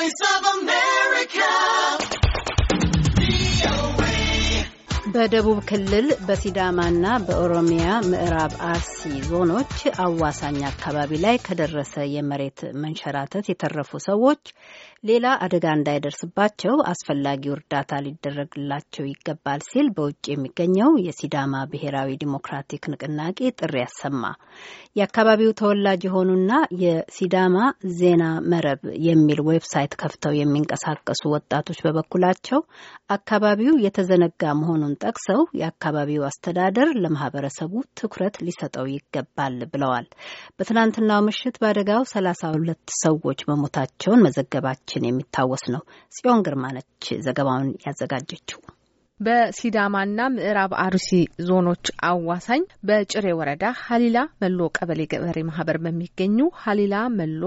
Voice of በደቡብ ክልል በሲዳማና በኦሮሚያ ምዕራብ አርሲ ዞኖች አዋሳኝ አካባቢ ላይ ከደረሰ የመሬት መንሸራተት የተረፉ ሰዎች ሌላ አደጋ እንዳይደርስባቸው አስፈላጊው እርዳታ ሊደረግላቸው ይገባል ሲል በውጭ የሚገኘው የሲዳማ ብሔራዊ ዲሞክራቲክ ንቅናቄ ጥሪ ያሰማ። የአካባቢው ተወላጅ የሆኑና የሲዳማ ዜና መረብ የሚል ዌብሳይት ከፍተው የሚንቀሳቀሱ ወጣቶች በበኩላቸው አካባቢው የተዘነጋ መሆኑን ጠቅሰው የአካባቢው አስተዳደር ለማህበረሰቡ ትኩረት ሊሰጠው ይገባል ብለዋል። በትናንትናው ምሽት በአደጋው ሰላሳ ሁለት ሰዎች መሞታቸውን መዘገባችን የሚታወስ ነው። ጽዮን ግርማ ነች ዘገባውን ያዘጋጀችው። በሲዳማና ምዕራብ አርሲ ዞኖች አዋሳኝ በጭሬ ወረዳ ሀሊላ መሎ ቀበሌ ገበሬ ማህበር በሚገኙ ሀሊላ መሎ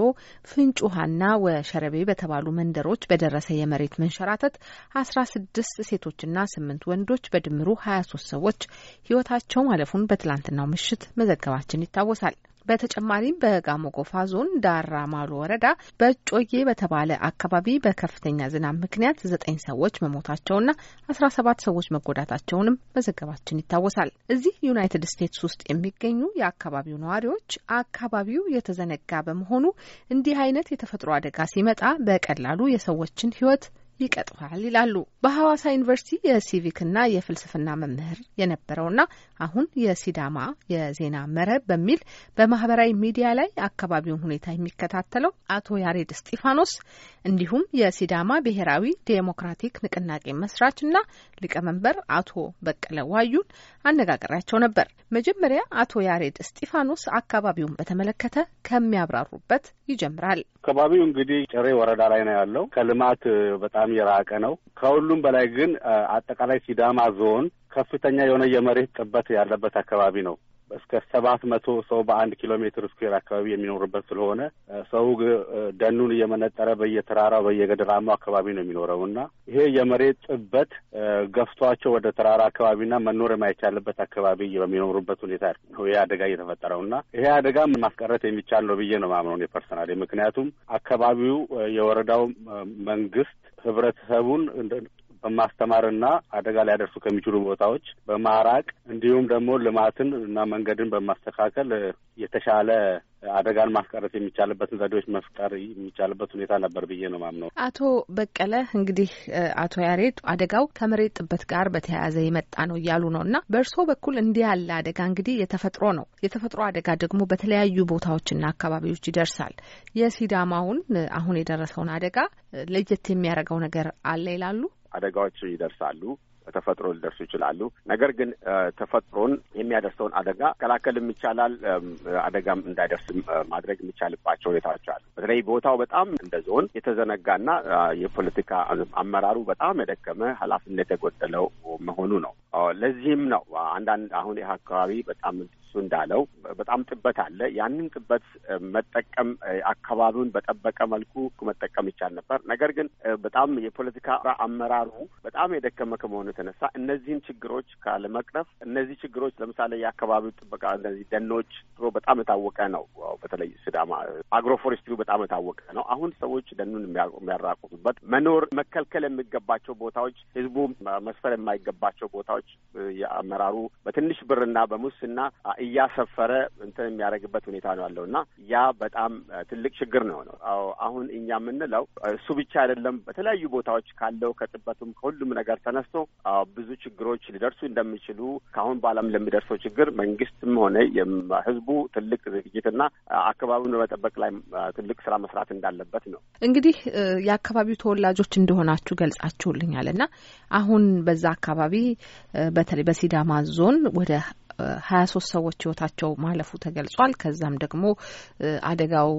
ፍንጩሃና ወሸረቤ በተባሉ መንደሮች በደረሰ የመሬት መንሸራተት አስራ ስድስት ሴቶችና ስምንት ወንዶች በድምሩ ሀያ ሶስት ሰዎች ህይወታቸው ማለፉን በትላንትናው ምሽት መዘገባችን ይታወሳል። በተጨማሪም በጋሞጎፋ ዞን ዳራ ማሉ ወረዳ በጮዬ በተባለ አካባቢ በከፍተኛ ዝናብ ምክንያት ዘጠኝ ሰዎች መሞታቸውና አስራ ሰባት ሰዎች መጎዳታቸውንም መዘገባችን ይታወሳል። እዚህ ዩናይትድ ስቴትስ ውስጥ የሚገኙ የአካባቢው ነዋሪዎች አካባቢው የተዘነጋ በመሆኑ እንዲህ አይነት የተፈጥሮ አደጋ ሲመጣ በቀላሉ የሰዎችን ሕይወት ይቀጥፋል ይላሉ። በሐዋሳ ዩኒቨርሲቲ የሲቪክና የፍልስፍና መምህር የነበረውና አሁን የሲዳማ የዜና መረብ በሚል በማህበራዊ ሚዲያ ላይ አካባቢውን ሁኔታ የሚከታተለው አቶ ያሬድ እስጢፋኖስ እንዲሁም የሲዳማ ብሔራዊ ዴሞክራቲክ ንቅናቄ መስራች እና ሊቀመንበር አቶ በቀለ ዋዩን አነጋገራቸው ነበር። መጀመሪያ አቶ ያሬድ እስጢፋኖስ አካባቢውን በተመለከተ ከሚያብራሩበት ይጀምራል። አካባቢው እንግዲህ ጭሬ ወረዳ ላይ ነው ያለው። ከልማት በጣም የራቀ ነው። ከሁሉም በላይ ግን አጠቃላይ ሲዳማ ዞን ከፍተኛ የሆነ የመሬት ጥበት ያለበት አካባቢ ነው። እስከ ሰባት መቶ ሰው በአንድ ኪሎ ሜትር ስኩዌር አካባቢ የሚኖርበት ስለሆነ ሰው ደኑን እየመነጠረ በየተራራው በየገደላማው አካባቢ ነው የሚኖረው እና ይሄ የመሬት ጥበት ገፍቷቸው ወደ ተራራ አካባቢና መኖር የማይቻልበት አካባቢ በሚኖሩበት ሁኔታ ነው ይሄ አደጋ እየተፈጠረው እና ይሄ አደጋ ማስቀረት የሚቻል ነው ብዬ ነው የማምነው ፐርሰናል። ምክንያቱም አካባቢው የወረዳው መንግስት ህብረተሰቡን በማስተማርና አደጋ ሊያደርሱ ከሚችሉ ቦታዎች በማራቅ እንዲሁም ደግሞ ልማትን እና መንገድን በማስተካከል የተሻለ አደጋን ማስቀረት የሚቻልበትን ዘዴዎች መፍጠር የሚቻልበት ሁኔታ ነበር ብዬ ነው ማምነው። አቶ በቀለ እንግዲህ አቶ ያሬድ አደጋው ከመሬት ጥበት ጋር በተያያዘ የመጣ ነው እያሉ ነው እና በእርስዎ በኩል እንዲህ ያለ አደጋ እንግዲህ የተፈጥሮ ነው። የተፈጥሮ አደጋ ደግሞ በተለያዩ ቦታዎችና አካባቢዎች ይደርሳል። የሲዳማውን አሁን የደረሰውን አደጋ ለየት የሚያደርገው ነገር አለ ይላሉ? አደጋዎች ይደርሳሉ ተፈጥሮ ሊደርሱ ይችላሉ። ነገር ግን ተፈጥሮን የሚያደርሰውን አደጋ መከላከልም ይቻላል፣ አደጋም እንዳይደርስ ማድረግ የሚቻልባቸው ሁኔታዎች አሉ። በተለይ ቦታው በጣም እንደ ዞን የተዘነጋና የፖለቲካ አመራሩ በጣም የደከመ ኃላፊነት የጎደለው መሆኑ ነው። ለዚህም ነው አንዳንድ አሁን ይህ አካባቢ በጣም እሱ እንዳለው በጣም ጥበት አለ። ያንን ጥበት መጠቀም አካባቢውን በጠበቀ መልኩ መጠቀም ይቻል ነበር። ነገር ግን በጣም የፖለቲካ አመራሩ በጣም የደከመ ከመሆኑ የተነሳ እነዚህን ችግሮች ካለመቅረፍ እነዚህ ችግሮች ለምሳሌ የአካባቢው ጥበቃ እነዚህ ደኖች ድሮ በጣም የታወቀ ነው። በተለይ ሲዳማ አግሮፎሬስትሪው በጣም የታወቀ ነው። አሁን ሰዎች ደኑን የሚያራቁቱበት መኖር መከልከል የሚገባቸው ቦታዎች፣ ህዝቡ መስፈር የማይገባቸው ቦታዎች ሰዎች የአመራሩ በትንሽ ብርና በሙስና እያሰፈረ እንትን የሚያደርግበት ሁኔታ ነው ያለው እና ያ በጣም ትልቅ ችግር ነው ነው አሁን እኛ የምንለው እሱ ብቻ አይደለም። በተለያዩ ቦታዎች ካለው ከጥበቱም ከሁሉም ነገር ተነስቶ ብዙ ችግሮች ሊደርሱ እንደሚችሉ ከአሁን በኋላም ለሚደርሰው ችግር መንግስትም ሆነ ህዝቡ ትልቅ ዝግጅትና አካባቢውን በመጠበቅ ላይ ትልቅ ስራ መስራት እንዳለበት ነው። እንግዲህ የአካባቢው ተወላጆች እንደሆናችሁ ገልጻችሁልኛል እና አሁን በዛ አካባቢ በተለይ በሲዳማ ዞን ወደ ሀያ ሶስት ሰዎች ህይወታቸው ማለፉ ተገልጿል። ከዛም ደግሞ አደጋው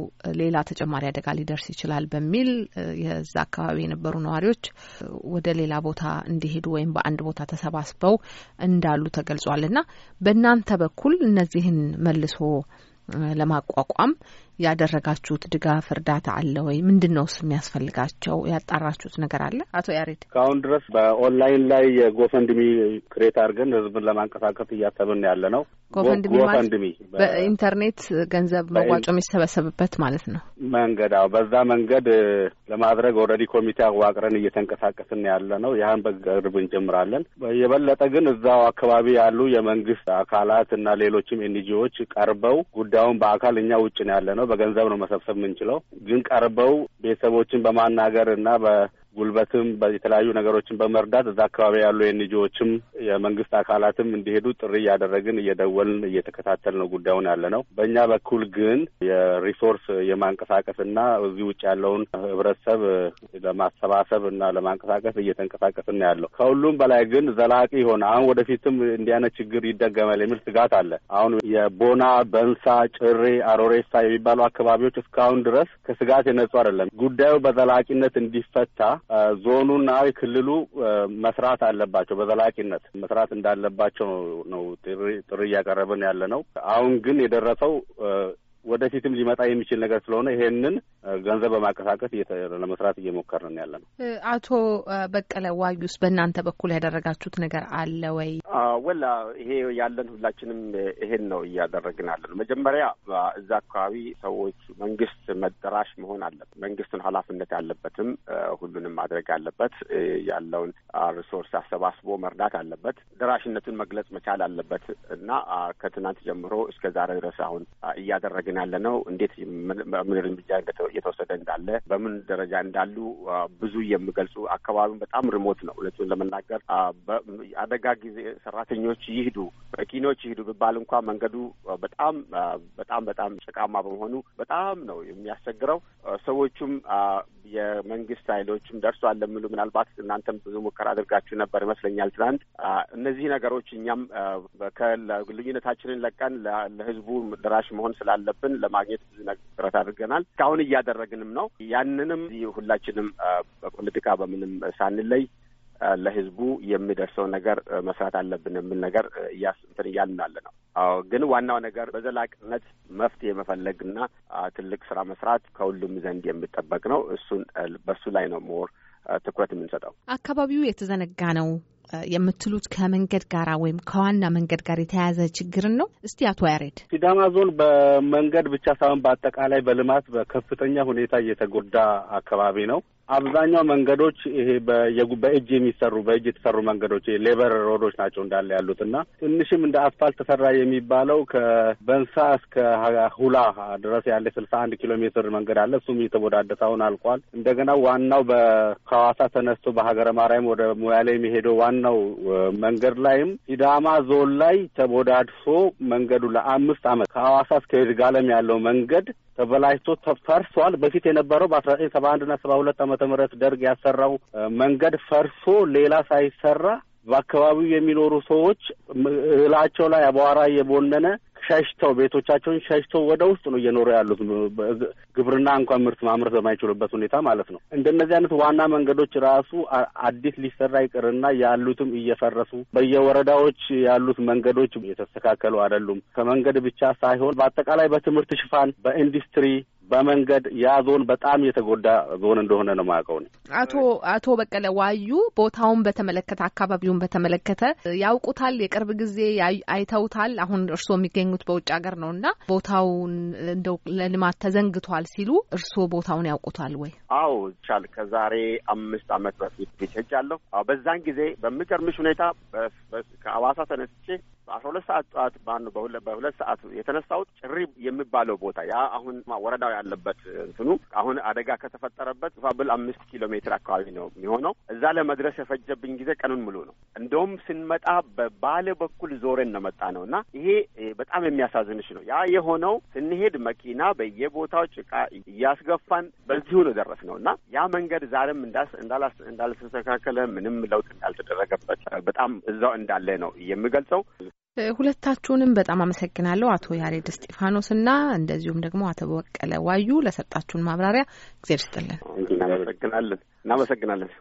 ሌላ ተጨማሪ አደጋ ሊደርስ ይችላል በሚል የዛ አካባቢ የነበሩ ነዋሪዎች ወደ ሌላ ቦታ እንዲሄዱ ወይም በአንድ ቦታ ተሰባስበው እንዳሉ ተገልጿል እና በእናንተ በኩል እነዚህን መልሶ ለማቋቋም ያደረጋችሁት ድጋፍ እርዳታ አለ ወይ? ምንድን ነው ስ የሚያስፈልጋቸው ያጣራችሁት ነገር አለ? አቶ ያሬድ ከአሁን ድረስ በኦንላይን ላይ የጎፈንድሚ ክሬት አድርገን ህዝብን ለማንቀሳቀስ እያሰብን ያለ ነው። ጎፈንድሚ በኢንተርኔት ገንዘብ መዋጮ የሚሰበሰብበት ማለት ነው መንገድ። አዎ በዛ መንገድ ለማድረግ ኦልሬዲ ኮሚቴ አዋቅረን እየተንቀሳቀስን ያለ ነው። ያህን በቅርብ እንጀምራለን። የበለጠ ግን እዛው አካባቢ ያሉ የመንግስት አካላት እና ሌሎችም ኤንጂዎች ቀርበው ጉዳዩን በአካል እኛ ውጭ ነው ያለ ነው በገንዘብ ነው መሰብሰብ የምንችለው። ግን ቀርበው ቤተሰቦችን በማናገር እና ጉልበትም የተለያዩ ነገሮችን በመርዳት እዛ አካባቢ ያሉ የንጂዎችም የመንግስት አካላትም እንዲሄዱ ጥሪ እያደረግን እየደወልን እየተከታተል ነው ጉዳዩን ያለ ነው። በእኛ በኩል ግን የሪሶርስ የማንቀሳቀስ እና እዚህ ውጭ ያለውን ህብረተሰብ ለማሰባሰብ እና ለማንቀሳቀስ እየተንቀሳቀስን ያለው ከሁሉም በላይ ግን ዘላቂ ሆነ አሁን ወደፊትም እንዲያነ ችግር ይደገመል የሚል ስጋት አለ። አሁን የቦና በንሳ፣ ጭሬ፣ አሮሬሳ የሚባሉ አካባቢዎች እስካሁን ድረስ ከስጋት የነጹ አይደለም። ጉዳዩ በዘላቂነት እንዲፈታ ዞኑና ክልሉ መስራት አለባቸው። በዘላቂነት መስራት እንዳለባቸው ነው ጥሪ እያቀረብን ያለ ነው። አሁን ግን የደረሰው ወደፊትም ሊመጣ የሚችል ነገር ስለሆነ ይሄንን ገንዘብ በማንቀሳቀስ ለመስራት እየሞከርን ነው ያለ ነው። አቶ በቀለ ዋዩስ በእናንተ በኩል ያደረጋችሁት ነገር አለ ወይ? ወላ ይሄ ያለን ሁላችንም ይሄን ነው እያደረግን ያለ ነው። መጀመሪያ እዛ አካባቢ ሰዎች መንግስት መደራሽ መሆን አለበት። መንግስትን ኃላፊነት ያለበትም ሁሉንም ማድረግ አለበት። ያለውን ሪሶርስ አሰባስቦ መርዳት አለበት። ደራሽነቱን መግለጽ መቻል አለበት እና ከትናንት ጀምሮ እስከ ዛሬ ድረስ አሁን እያደረግን እየተወያየን ያለ ነው። እንዴት ምን እርምጃ እየተወሰደ እንዳለ በምን ደረጃ እንዳሉ ብዙ የሚገልጹ አካባቢውን በጣም ሪሞት ነው እውነቱን ለመናገር አደጋ ጊዜ ሰራተኞች ይሂዱ መኪኖች ይሂዱ ቢባል እንኳ መንገዱ በጣም በጣም በጣም ጭቃማ በመሆኑ በጣም ነው የሚያስቸግረው። ሰዎቹም የመንግስት ኃይሎችም ደርሷል ለሚሉ ምናልባት እናንተም ብዙ ሙከራ አድርጋችሁ ነበር ይመስለኛል ትናንት። እነዚህ ነገሮች እኛም ልዩነታችንን ለቀን ለህዝቡ ደራሽ መሆን ስላለብን አሳልፈን ለማግኘት ብዙ ጥረት አድርገናል። እስካሁን እያደረግንም ነው። ያንንም ሁላችንም በፖለቲካ በምንም ሳንለይ ለህዝቡ የሚደርሰው ነገር መስራት አለብን የሚል ነገር እያስንትን እያልናለ ነው። አዎ ግን ዋናው ነገር በዘላቂነት መፍትሄ መፈለግና ትልቅ ስራ መስራት ከሁሉም ዘንድ የሚጠበቅ ነው። እሱን በሱ ላይ ነው ሞር ትኩረት የምንሰጠው። አካባቢው የተዘነጋ ነው የምትሉት ከመንገድ ጋር ወይም ከዋና መንገድ ጋር የተያያዘ ችግርን ነው? እስቲ አቶ ያሬድ። ሲዳማ ዞን በመንገድ ብቻ ሳይሆን በአጠቃላይ በልማት በከፍተኛ ሁኔታ እየተጎዳ አካባቢ ነው። አብዛኛው መንገዶች ይሄ በእጅ የሚሰሩ በእጅ የተሰሩ መንገዶች ሌበር ሮዶች ናቸው እንዳለ ያሉት እና ትንሽም እንደ አስፋልት ተሰራ የሚባለው ከበንሳ እስከ ሁላ ድረስ ያለ ስልሳ አንድ ኪሎ ሜትር መንገድ አለ። እሱም እየተቦዳደሰ አሁን አልቋል። እንደገና ዋናው በከዋሳ ተነስቶ በሀገረ ማርያም ወደ ሞያሌ የሚሄደው ዋናው መንገድ ላይም ሲዳማ ዞን ላይ ተቦዳድሶ መንገዱ ለአምስት አመት ከሀዋሳ እስከ ይድጋለም ያለው መንገድ ተበላሽቶ ፈርሷል። በፊት የነበረው በአስራ ዘጠኝ ሰባ አንድ ሰባ ሁለት ዓመተ ምህረት ደርግ ያሰራው መንገድ ፈርሶ ሌላ ሳይሰራ በአካባቢው የሚኖሩ ሰዎች እህላቸው ላይ አቧራ እየቦነነ ሸሽተው ቤቶቻቸውን ሸሽተው ወደ ውስጥ ነው እየኖሩ ያሉት። ግብርና እንኳን ምርት ማምረት በማይችሉበት ሁኔታ ማለት ነው። እንደነዚህ አይነት ዋና መንገዶች ራሱ አዲስ ሊሰራ ይቅርና ያሉትም እየፈረሱ በየወረዳዎች ያሉት መንገዶች እየተስተካከሉ አይደሉም። ከመንገድ ብቻ ሳይሆን በአጠቃላይ በትምህርት ሽፋን፣ በኢንዱስትሪ በመንገድ ያ ዞን በጣም የተጎዳ ዞን እንደሆነ ነው የማውቀው። አቶ አቶ በቀለ ዋዩ ቦታውን በተመለከተ አካባቢውን በተመለከተ ያውቁታል፣ የቅርብ ጊዜ አይተውታል። አሁን እርስዎ የሚገኙት በውጭ ሀገር ነው እና ቦታውን እንደው ለልማት ተዘንግቷል ሲሉ እርስዎ ቦታውን ያውቁታል ወይ? አዎ ይቻል ከዛሬ አምስት አመት በፊት ሄጃለሁ። በዛን ጊዜ በሚገርምሽ ሁኔታ ከአዋሳ ተነስቼ በአስራ ሁለት ሰዓት ጠዋት በአንዱ በሁለት ሰዓት የተነሳሁት ጭሪ የሚባለው ቦታ ያ አሁን ወረዳው ያለበት እንትኑ አሁን አደጋ ከተፈጠረበት ፋብል አምስት ኪሎ ሜትር አካባቢ ነው የሚሆነው። እዛ ለመድረስ የፈጀብኝ ጊዜ ቀኑን ሙሉ ነው። እንደውም ስንመጣ በባሌ በኩል ዞሬን ነው መጣ ነው እና ይሄ በጣም የሚያሳዝንሽ ነው። ያ የሆነው ስንሄድ መኪና በየቦታው ጭቃ እያስገፋን በዚሁ ነው ደረስ ነው እና ያ መንገድ ዛሬም እንዳልተስተካከለ ምንም ለውጥ እንዳልተደረገበት በጣም እዛው እንዳለ ነው የሚገልጸው። ሁለታችሁንም በጣም አመሰግናለሁ። አቶ ያሬድ እስጢፋኖስ እና እንደዚሁም ደግሞ አቶ በቀለ ዋዩ ለሰጣችሁን ማብራሪያ እግዜር ይስጥልን። እናመሰግናለን እናመሰግናለን።